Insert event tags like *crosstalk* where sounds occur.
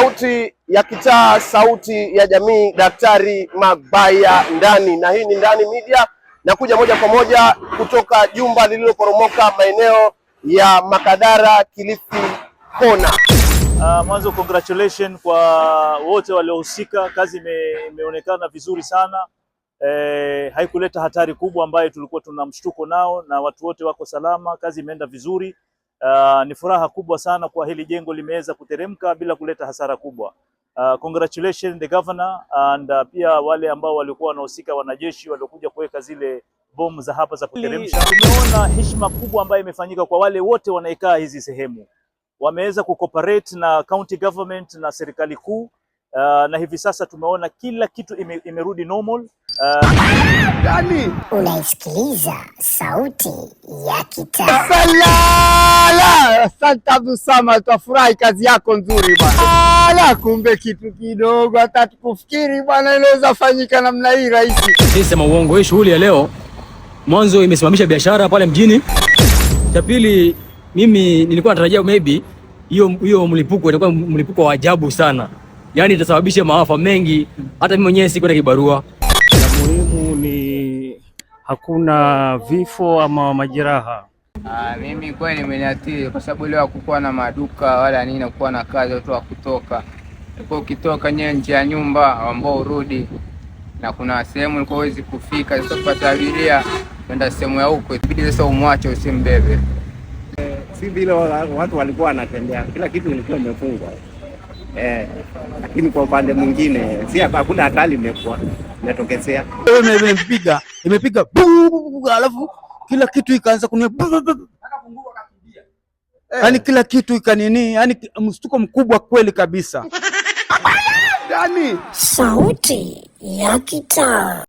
Sauti ya kitaa, sauti ya jamii, Daktari Magaya ndani, na hii ni Ndani Media na kuja moja kwa moja kutoka jumba lililoporomoka maeneo ya Makadara, Kilifi Kona. Uh, mwanzo congratulation kwa wote waliohusika, kazi imeonekana vizuri sana eh, haikuleta hatari kubwa ambayo tulikuwa tuna mshtuko nao, na watu wote wako salama, kazi imeenda vizuri. Uh, ni furaha kubwa sana kwa hili jengo limeweza kuteremka bila kuleta hasara kubwa. Uh, congratulations the governor and uh, pia wale ambao walikuwa wanahusika wanajeshi waliokuja kuweka zile bomu za hapa za kuteremsha. Tumeona heshima kubwa ambayo imefanyika kwa wale wote wanaikaa hizi sehemu, wameweza kucooperate na county government na serikali kuu uh, na hivi sasa tumeona kila kitu ime, imerudi normal uh, unaisikiliza sauti ya kitaa Asante Abdul twafurahi kazi yako nzuri bwana. Ala, kumbe kitu kidogo hata tukufikiri bwana inaweza fanyika namna hii rahisi. Sisema uongo, hii shughuli ya leo mwanzo imesimamisha biashara pale mjini. Cha pili, mimi nilikuwa natarajia maybe hiyo hiyo mlipuko itakuwa mlipuko wa ajabu sana, yaani itasababisha maafa mengi, hata mimi mwenyewe sikwenda kibarua. muhimu ni hakuna vifo ama majeraha. Ah, mimi kweli imeniathiri kwa sababu ile hakukuwa na maduka wala nini, hakukuwa na kazi, watu hawakutoka. Ulikuwa ukitoka nyewe nje ya nyumba ambao urudi, na kuna sehemu ulikuwa huwezi kufika. Sasa kupata abiria kwenda sehemu ya huko, ibidi sasa umwache, usimbebe. Si vile watu walikuwa wanatembea, kila kitu ilikuwa imefungwa eh, lakini kwa upande mwingine si hakuna hatari imekuwa inatokezea, imepiga imepiga, alafu kila kitu ikaanza kunia eh. yani kila kitu ikanini, yani mshtuko mkubwa kweli kabisa. *laughs* Yaani. Sauti ya kitaa.